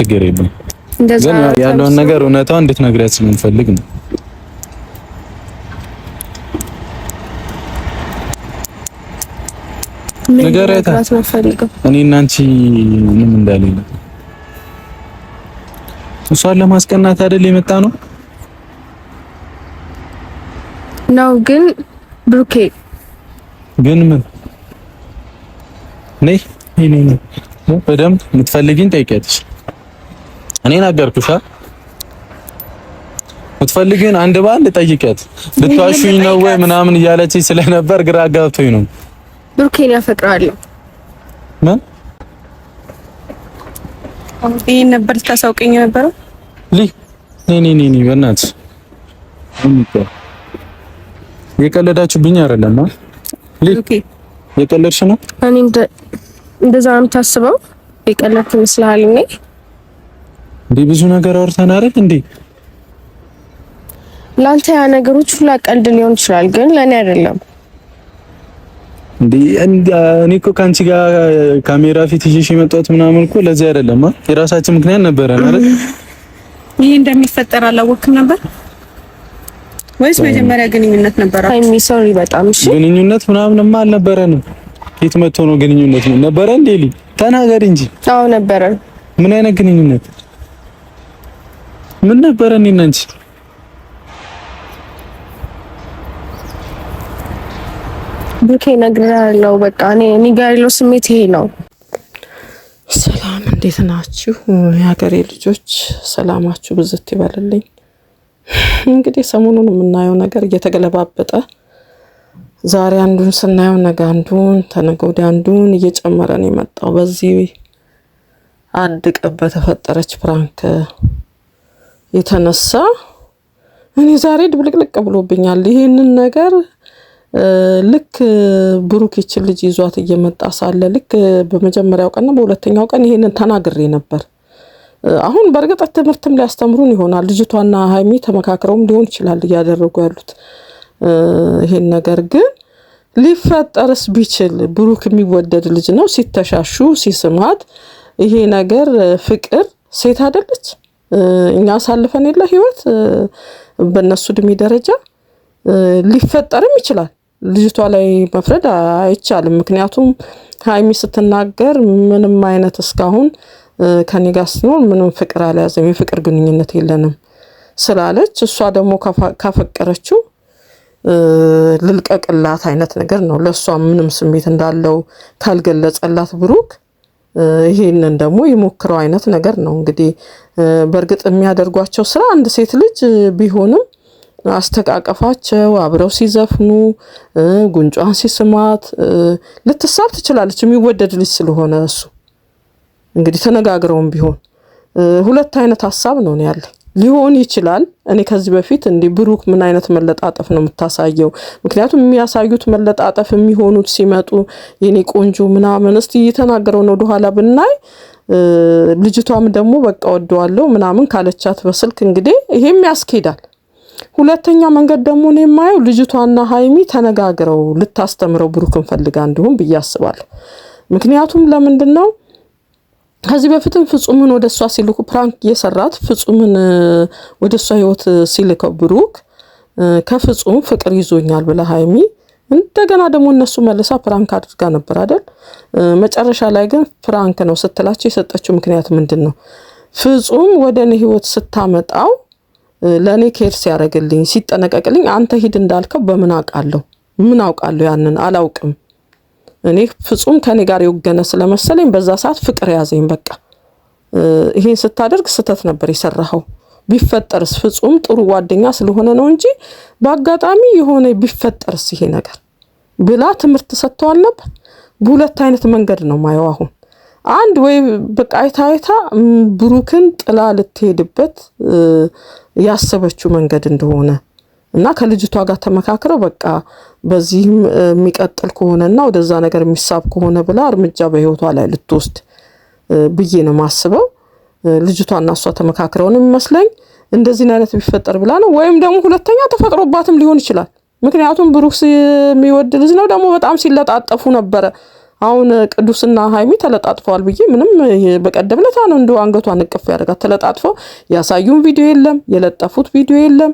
ችግር የለም። ግን ያለውን ነገር እውነታው እንድትነግሪያት ስለምንፈልግ ነው። ንገሪያት። እኔ እና አንቺ ምንም እንዳልል እሷን ለማስቀናት አይደል የመጣ ነው ነው ግን ብሩኬ ግን ምን ነይ ነይ ነይ በደምብ የምትፈልጊኝ ጠይቂያትሽ እኔ ነገርኩሽ። ምትፈልግን አንድ ባል ጠይቂያት። ልትዋሹኝ ነው ወይ ምናምን እያለች ስለነበር ግራ ጋብቶኝ ነው። ብሩኬን ያፈቅራለሁ። ምን ይሄን ነበር ልታሳውቀኝ የነበረው? ሊ ኔ ኔ ኒ በእናትሽ የቀለዳችሁብኝ አይደለም። ሊ የቀለድሽ ነው። እኔ እንደዛ ነው የምታስበው። የቀለድኩ ይመስልሃል? እኔ እንዴ ብዙ ነገር አውርተን አይደል እንዴ? ላንተ ያ ነገሮች ሁላ ቀልድ ሊሆን ይችላል፣ ግን ለኔ አይደለም። እንዴ እኔ እኮ ከአንቺ ጋር ካሜራ ፊት ይዤሽ የመጣሁት ምናምን እኮ ለዚህ አይደለም። የራሳችን ምክንያት ነበረን አይደል? ይሄ እንደሚፈጠር አላወቅም ነበር ወይስ መጀመሪያ ግንኙነት ነበረ? አይ ሚሶሪ በጣም እሺ። ግንኙነት ምናምንማ አልነበረንም። የት መጥቶ ነው ግንኙነት? ነበረ እንዴ? ተናገር እንጂ። አዎ ነበረ። ምን አይነት ግንኙነት ምን ነበረ እኔና አንቺ ብሩኬ እነግርሃለሁ። በቃ እኔ እኔ ጋር ያለው ስሜት ይሄ ነው። ሰላም፣ እንዴት ናችሁ የሀገሬ ልጆች? ሰላማችሁ ብዝት ይበልልኝ። እንግዲህ ሰሞኑን የምናየው ነገር እየተገለባበጠ ዛሬ አንዱን ስናየው ነገ አንዱን ተነገ ወዲያ አንዱን እየጨመረ ነው የመጣው። በዚህ አንድ ቀን በተፈጠረች ፕራንክ የተነሳ እኔ ዛሬ ድብልቅልቅ ብሎብኛል። ይሄንን ነገር ልክ ብሩክ ይችን ልጅ ይዟት እየመጣ ሳለ ልክ በመጀመሪያው ቀንና በሁለተኛው ቀን ይሄንን ተናግሬ ነበር። አሁን በእርግጥ ትምህርትም ሊያስተምሩን ይሆናል። ልጅቷና ሀይሚ ተመካክረውም ሊሆን ይችላል እያደረጉ ያሉት ይሄን ነገር ግን ሊፈጠርስ ቢችል ብሩክ የሚወደድ ልጅ ነው። ሲተሻሹ ሲስማት ይሄ ነገር ፍቅር ሴት አይደለች እኛ አሳልፈን የለ ህይወት በእነሱ እድሜ ደረጃ ሊፈጠርም ይችላል። ልጅቷ ላይ መፍረድ አይቻልም። ምክንያቱም ሀይሚ ስትናገር ምንም አይነት እስካሁን ከኔ ጋር ስትኖር ምንም ፍቅር አልያዘም፣ የፍቅር ግንኙነት የለንም ስላለች እሷ ደግሞ ካፈቀረችው ልልቀቅላት አይነት ነገር ነው። ለእሷ ምንም ስሜት እንዳለው ካልገለጸላት ብሩክ ይሄንን ደግሞ የሞክረው አይነት ነገር ነው። እንግዲህ በእርግጥ የሚያደርጓቸው ስራ አንድ ሴት ልጅ ቢሆንም አስተቃቀፋቸው አብረው ሲዘፍኑ ጉንጯን ሲስማት ልትሳብ ትችላለች፣ የሚወደድ ልጅ ስለሆነ እሱ እንግዲህ ተነጋግረውም ቢሆን ሁለት አይነት ሀሳብ ነው ያለኝ። ሊሆን ይችላል። እኔ ከዚህ በፊት እንዲህ ብሩክ ምን አይነት መለጣጠፍ ነው የምታሳየው? ምክንያቱም የሚያሳዩት መለጣጠፍ የሚሆኑት ሲመጡ የኔ ቆንጆ ምናምን እስቲ እየተናገረው ነው ወደኋላ ብናይ ልጅቷም ደግሞ በቃ ወደዋለው ምናምን ካለቻት በስልክ እንግዲህ ይሄም ያስኬዳል። ሁለተኛ መንገድ ደግሞ እኔ የማየው ልጅቷና ሀይሚ ተነጋግረው ልታስተምረው ብሩክን ፈልጋ እንዲሁም ብዬ አስባለሁ። ምክንያቱም ለምንድን ነው ከዚህ በፊትም ፍጹምን ወደ እሷ ሲልኩ ፕራንክ የሰራት ፍጹምን ወደ እሷ ህይወት ሲልከው ብሩክ ከፍጹም ፍቅር ይዞኛል ብለ ሀይሚ እንደገና ደግሞ እነሱ መልሳ ፕራንክ አድርጋ ነበር አይደል? መጨረሻ ላይ ግን ፕራንክ ነው ስትላቸው የሰጠችው ምክንያት ምንድን ነው? ፍጹም ወደ እኔ ህይወት ስታመጣው ለእኔ ኬር ሲያደርግልኝ ሲጠነቀቅልኝ፣ አንተ ሂድ እንዳልከው በምን አውቃለሁ? ምን አውቃለሁ? ያንን አላውቅም እኔ ፍጹም ከኔ ጋር የወገነ ስለመሰለኝ በዛ ሰዓት ፍቅር ያዘኝ። በቃ ይሄን ስታደርግ ስህተት ነበር የሰራኸው። ቢፈጠርስ ፍጹም ጥሩ ጓደኛ ስለሆነ ነው እንጂ በአጋጣሚ የሆነ ቢፈጠርስ ይሄ ነገር ብላ ትምህርት ሰጥተዋል ነበር። በሁለት አይነት መንገድ ነው ማየው። አሁን አንድ ወይ በቃ አይታ አይታ ብሩክን ጥላ ልትሄድበት ያሰበችው መንገድ እንደሆነ እና ከልጅቷ ጋር ተመካክረው በቃ በዚህም የሚቀጥል ከሆነና ወደዛ ነገር የሚሳብ ከሆነ ብላ እርምጃ በህይወቷ ላይ ልትወስድ ብዬ ነው ማስበው። ልጅቷ እና እሷ ተመካክረውን የሚመስለኝ እንደዚህን አይነት ቢፈጠር ብላ ነው። ወይም ደግሞ ሁለተኛ ተፈጥሮባትም ሊሆን ይችላል። ምክንያቱም ብሩክስ የሚወድ ልጅ ነው። ደግሞ በጣም ሲለጣጠፉ ነበረ። አሁን ቅዱስና ሀይሚ ተለጣጥፈዋል ብዬ ምንም በቀደም ለታ ነው እንደ አንገቷን እቅፍ ያደርጋት ተለጣጥፈው ያሳዩን ቪዲዮ የለም፣ የለጠፉት ቪዲዮ የለም።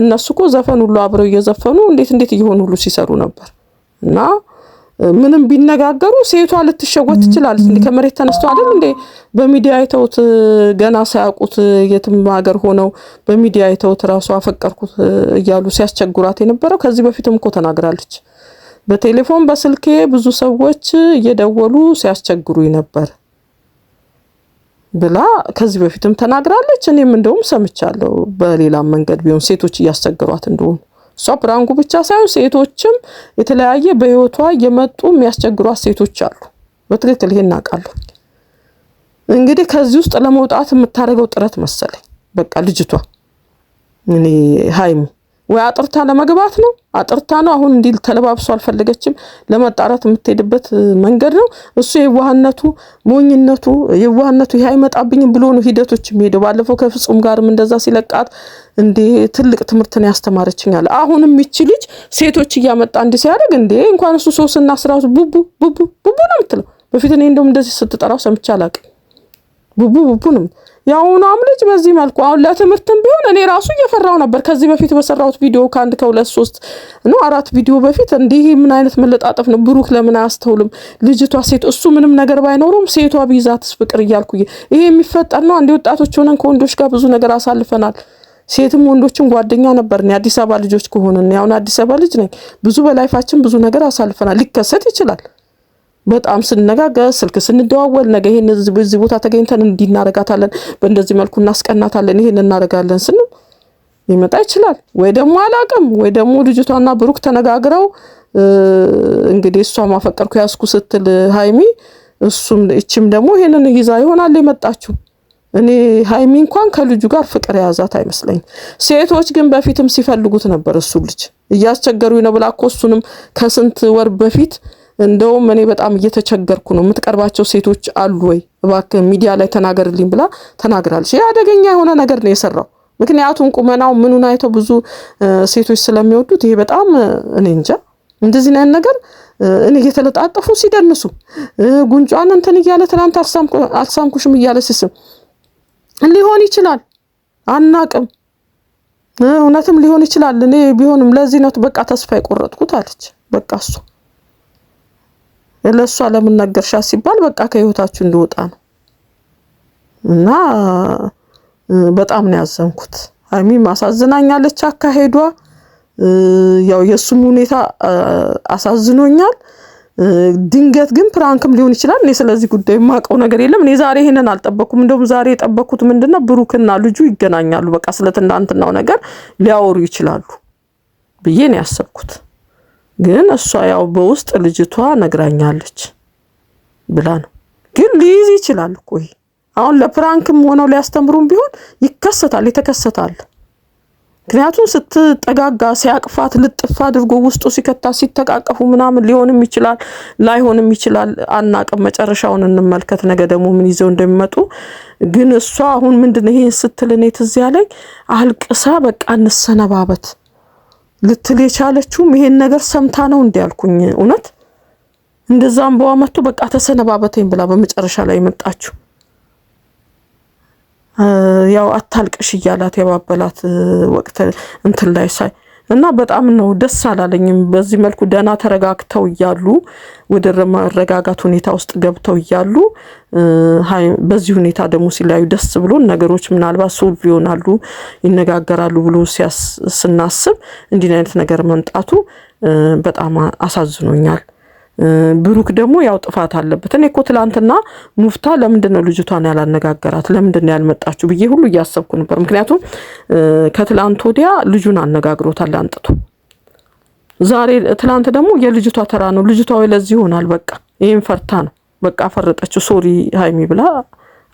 እነሱ እኮ ዘፈን ሁሉ አብረው እየዘፈኑ እንዴት እንዴት እየሆኑ ሁሉ ሲሰሩ ነበር እና ምንም ቢነጋገሩ ሴቷ ልትሸወት ትችላለች። እንዴ ከመሬት ተነስተው አይደል እንዴ በሚዲያ አይተውት ገና ሳያውቁት የትም ሀገር ሆነው በሚዲያ አይተውት ራሱ አፈቀርኩት እያሉ ሲያስቸግሯት የነበረው ከዚህ በፊትም እኮ ተናግራለች። በቴሌፎን በስልኬ ብዙ ሰዎች እየደወሉ ሲያስቸግሩኝ ነበር ብላ ከዚህ በፊትም ተናግራለች። እኔም እንደውም ሰምቻለሁ በሌላ መንገድ ቢሆን ሴቶች እያስቸግሯት እንደሆኑ እሷ ፕራንጉ ብቻ ሳይሆን ሴቶችም የተለያየ በህይወቷ የመጡ የሚያስቸግሯት ሴቶች አሉ። በትክክል ይሄን አውቃለሁ። እንግዲህ ከዚህ ውስጥ ለመውጣት የምታደርገው ጥረት መሰለኝ በቃ ልጅቷ እኔ ሀይሚ ወይ አጥርታ ለመግባት ነው፣ አጥርታ ነው አሁን እንዲል ተለባብሶ አልፈለገችም፣ ለማጣራት የምትሄድበት መንገድ ነው። እሱ የዋህነቱ ሞኝነቱ፣ የዋህነቱ ይህ አይመጣብኝም ብሎ ነው ሂደቶች የሚሄደው። ባለፈው ከፍጹም ጋርም እንደዛ ሲለቃት እንዴ ትልቅ ትምህርትን ያስተማረችኛል። አሁንም ይቺ ልጅ ሴቶች እያመጣ እንዲህ ሲያደርግ እንዴ እንኳን እሱ ሶስና ስራ ቡቡ ቡቡ ቡቡ ነው የምትለው። በፊት እኔ እንደውም እንደዚህ ስትጠራው ሰምቼ አላውቅም። ቡቡ ቡቡ ነው የአሁኗም ልጅ በዚህ መልኩ አሁን ለትምህርትም ቢሆን እኔ ራሱ እየፈራው ነበር። ከዚህ በፊት በሰራሁት ቪዲዮ ከአንድ ከሁለት ሶስት ነው አራት ቪዲዮ በፊት እንዲህ ምን አይነት መለጣጠፍ ነው? ብሩክ ለምን አያስተውልም? ልጅቷ ሴት እሱ ምንም ነገር ባይኖሩም ሴቷ ቢይዛትስ ፍቅር እያልኩ ይሄ የሚፈጠር ነው። አንዴ ወጣቶች ሆነን ከወንዶች ጋር ብዙ ነገር አሳልፈናል። ሴትም ወንዶችም ጓደኛ ነበርን። የአዲስ አበባ ልጆች ከሆንን ያሁን አዲስ አበባ ልጅ ነኝ። ብዙ በላይፋችን ብዙ ነገር አሳልፈናል። ሊከሰት ይችላል። በጣም ስንነጋገር ስልክ ስንደዋወል ነገ ይሄን በዚህ ቦታ ተገኝተን እንዲህ እናደርጋታለን፣ በእንደዚህ መልኩ እናስቀናታለን፣ ይሄን እናደርጋለን ስንል ሊመጣ ይችላል። ወይ ደግሞ አላቅም፣ ወይ ደግሞ ልጅቷና ብሩክ ተነጋግረው እንግዲህ እሷ ማፈቀርኩ ያስኩ ስትል ሀይሚ እሱም እችም ደግሞ ይሄንን ይዛ ይሆናል የመጣችው። እኔ ሀይሚ እንኳን ከልጁ ጋር ፍቅር የያዛት አይመስለኝም። ሴቶች ግን በፊትም ሲፈልጉት ነበር እሱ ልጅ እያስቸገሩ ነው ብላ እኮ እሱንም ከስንት ወር በፊት እንደውም እኔ በጣም እየተቸገርኩ ነው፣ የምትቀርባቸው ሴቶች አሉ ወይ እባክህ ሚዲያ ላይ ተናገርልኝ ብላ ተናግራለች። ይህ አደገኛ የሆነ ነገር ነው የሰራው። ምክንያቱም ቁመናው ምኑን አይተው ብዙ ሴቶች ስለሚወዱት ይሄ በጣም እኔ እንጃ እንደዚህ አይነት ነገር እኔ እየተለጣጠፉ ሲደንሱ ጉንጯን እንትን እያለ ትናንት አልሳምኩሽም እያለ ሲስም ሊሆን ይችላል፣ አናቅም። እውነትም ሊሆን ይችላል። እኔ ቢሆንም ለዚህ ነው በቃ ተስፋ የቆረጥኩት አለች። በቃ እሱ ለእሷ ለምን ነገርሻት ሲባል በቃ ከህይወታችሁ እንዲወጣ ነው። እና በጣም ነው ያዘንኩት። ሀይሚ አሳዝናኛለች አካሄዷ። ያው የእሱም ሁኔታ አሳዝኖኛል። ድንገት ግን ፕራንክም ሊሆን ይችላል። እኔ ስለዚህ ጉዳይ የማውቀው ነገር የለም። እኔ ዛሬ ይሄንን አልጠበኩም። እንደውም ዛሬ የጠበኩት ምንድነው ብሩክና ልጁ ይገናኛሉ፣ በቃ ስለ ትናንትናው ነገር ሊያወሩ ይችላሉ ብዬ ነው ያሰብኩት። ግን እሷ ያው በውስጥ ልጅቷ ነግራኛለች ብላ ነው። ግን ሊይዝ ይችላል እኮ ይሄ አሁን ለፕራንክም ሆነው ሊያስተምሩም ቢሆን ይከሰታል፣ ይተከሰታል። ምክንያቱም ስትጠጋጋ ሲያቅፋት ልጥፍ አድርጎ ውስጡ ሲከታት ሲተቃቀፉ ምናምን ሊሆንም ይችላል ላይሆንም ይችላል። አናቅም። መጨረሻውን እንመልከት። ነገ ደግሞ ምን ይዘው እንደሚመጡ ግን እሷ አሁን ምንድን ይህን ስትል እኔ ትዝ ያለኝ አልቅሳ በቃ እንሰነባበት ልትል የቻለችውም ይሄን ነገር ሰምታ ነው እንዲያልኩኝ እውነት እንደዛም በዋ በቃ ተሰነባበተኝ ብላ በመጨረሻ ላይ የመጣችው ያው አታልቅሽ እያላት የባበላት ወቅት እንትን ላይ ሳይ እና በጣም ነው ደስ አላለኝም። በዚህ መልኩ ደህና ተረጋግተው እያሉ ወደ መረጋጋት ሁኔታ ውስጥ ገብተው እያሉ በዚህ ሁኔታ ደግሞ ሲለያዩ ደስ ብሎን ነገሮች ምናልባት ሶልቭ ይሆናሉ ይነጋገራሉ ብሎ ስናስብ እንዲህ አይነት ነገር መምጣቱ በጣም አሳዝኖኛል። ብሩክ ደግሞ ያው ጥፋት አለበት። እኔ እኮ ትላንትና ሙፍታ ለምንድን ነው ልጅቷን ያላነጋገራት ለምንድን ነው ያልመጣችሁ ብዬ ሁሉ እያሰብኩ ነበር። ምክንያቱም ከትላንት ወዲያ ልጁን አነጋግሮታል አንጥቶ። ዛሬ ትላንት ደግሞ የልጅቷ ተራ ነው። ልጅቷ ወይ ለዚህ ይሆናል በቃ ይህን ፈርታ ነው በቃ አፈረጠችው። ሶሪ ሀይሚ ብላ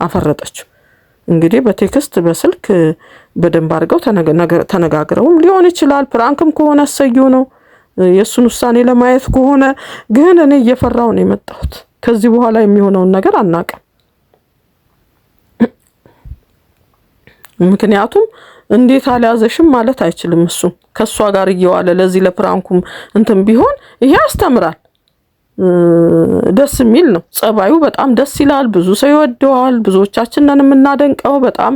አፈረጠችው። እንግዲህ በቴክስት በስልክ በደንብ አድርገው ተነጋግረውም ሊሆን ይችላል። ፕራንክም ከሆነ አሰዩ ነው የእሱን ውሳኔ ለማየት ከሆነ ግን እኔ እየፈራው ነው የመጣሁት። ከዚህ በኋላ የሚሆነውን ነገር አናውቅም። ምክንያቱም እንዴት አልያዘሽም ማለት አይችልም። እሱ ከእሷ ጋር እየዋለ ለዚህ ለፕራንኩም እንትን ቢሆን ይሄ ያስተምራል። ደስ የሚል ነው ጸባዩ፣ በጣም ደስ ይላል። ብዙ ሰው ይወደዋል። ብዙዎቻችንን የምናደንቀው በጣም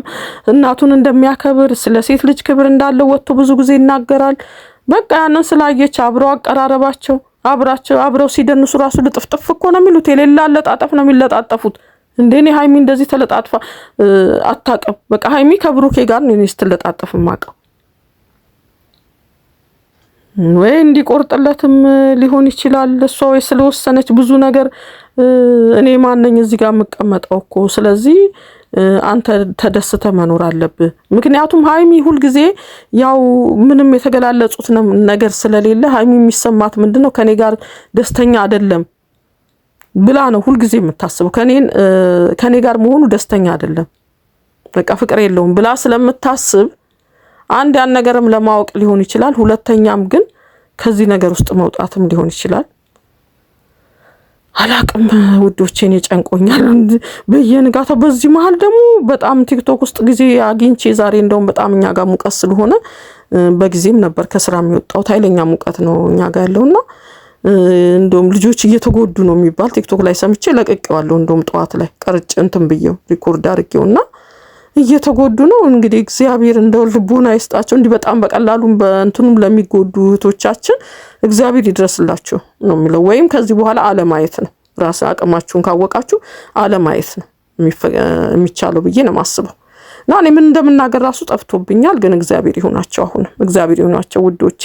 እናቱን እንደሚያከብር ስለ ሴት ልጅ ክብር እንዳለው ወጥቶ ብዙ ጊዜ ይናገራል። በቃ ያንን ስላየች አብሮ አቀራረባቸው አብራቸው አብረው ሲደንሱ ራሱ ልጥፍጥፍ እኮ ነው የሚሉት። የሌላ አለጣጠፍ ነው የሚለጣጠፉት። እንዴ እኔ ሀይሚ እንደዚህ ተለጣጥፋ አታውቅም። በቃ ሀይሚ ከብሩኬ ጋር ነው ስትለጣጠፍ የማውቀው። ወይ እንዲቆርጥለትም ሊሆን ይችላል እሷ ወይ ስለወሰነች ብዙ ነገር እኔ ማነኝ እዚህ ጋር የምቀመጠው እኮ ስለዚህ አንተ ተደስተ መኖር አለብህ። ምክንያቱም ሀይሚ ሁልጊዜ ያው ምንም የተገላለጹት ነገር ስለሌለ ሀይሚ የሚሰማት ምንድን ነው ከኔ ጋር ደስተኛ አይደለም ብላ ነው ሁልጊዜ የምታስበው። ከኔ ጋር መሆኑ ደስተኛ አይደለም፣ በቃ ፍቅር የለውም ብላ ስለምታስብ አንድ ያን ነገርም ለማወቅ ሊሆን ይችላል። ሁለተኛም ግን ከዚህ ነገር ውስጥ መውጣትም ሊሆን ይችላል። አላቅም ውዶቼን የጨንቆኛል። በየንጋታው በዚህ መሀል ደግሞ በጣም ቲክቶክ ውስጥ ጊዜ አግኝቼ ዛሬ እንደውም በጣም እኛ ጋር ሙቀት ስለሆነ በጊዜም ነበር ከስራ የሚወጣሁት። ኃይለኛ ሙቀት ነው እኛ ጋር ያለውና እንደውም ልጆች እየተጎዱ ነው የሚባል ቲክቶክ ላይ ሰምቼ ለቅቄዋለሁ። እንደውም ጠዋት ላይ ቀርጭ እንትን ብዬው ሪኮርድ አድርጌውና እየተጎዱ ነው። እንግዲህ እግዚአብሔር እንደው ልቦና ይስጣቸው። እንዲህ በጣም በቀላሉም በእንትኑም ለሚጎዱ እህቶቻችን እግዚአብሔር ይድረስላቸው ነው የሚለው። ወይም ከዚህ በኋላ አለማየት ነው ራስ አቅማችሁን ካወቃችሁ አለማየት ነው የሚቻለው ብዬ ነው የማስበው። እና እኔ ምን እንደምናገር ራሱ ጠፍቶብኛል። ግን እግዚአብሔር ይሁናቸው፣ አሁንም እግዚአብሔር ይሁናቸው ውዶቼ።